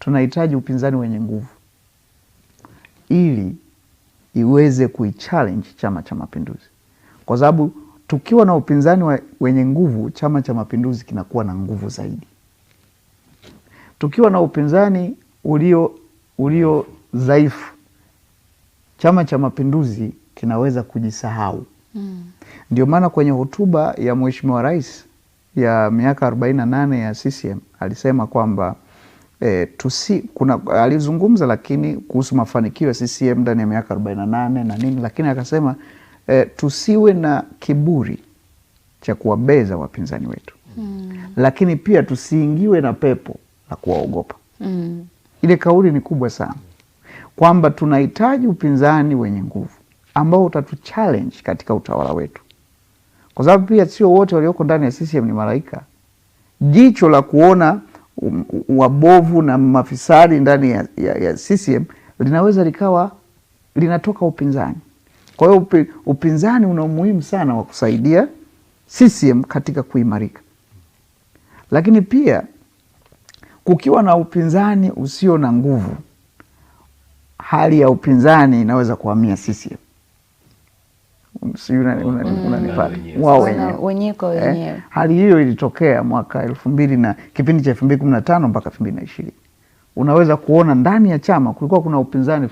tunahitaji upinzani wenye nguvu ili iweze kuichallenge Chama cha Mapinduzi, kwa sababu tukiwa na upinzani wenye nguvu, Chama cha Mapinduzi kinakuwa na nguvu zaidi. Tukiwa na upinzani ulio ulio dhaifu, Chama cha Mapinduzi kinaweza kujisahau. Mm. Ndio maana kwenye hotuba ya Mheshimiwa Rais ya miaka 48 ya CCM alisema kwamba E, tusi, kuna alizungumza lakini kuhusu mafanikio ya CCM ndani ya miaka 48 na nini, lakini akasema e, tusiwe na kiburi cha kuwabeza wapinzani wetu mm. Lakini pia tusiingiwe na pepo la kuwaogopa mm. Ile kauli ni kubwa sana kwamba tunahitaji upinzani wenye nguvu ambao utatuchallenge katika utawala wetu, kwa sababu pia sio wote walioko ndani ya CCM ni malaika. Jicho la kuona wabovu na mafisadi ndani ya, ya, ya CCM linaweza likawa linatoka upinzani. Kwa hiyo upi, upinzani una umuhimu sana wa kusaidia CCM katika kuimarika, lakini pia kukiwa na upinzani usio na nguvu, hali ya upinzani inaweza kuhamia CCM unanipata mm. mm. wao wenyewe kwa eh? wenyewe. Hali hiyo ilitokea mwaka elfu mbili na kipindi cha elfu mbili kumi na tano mpaka elfu mbili na ishirini. Unaweza kuona ndani ya chama kulikuwa kuna upinzani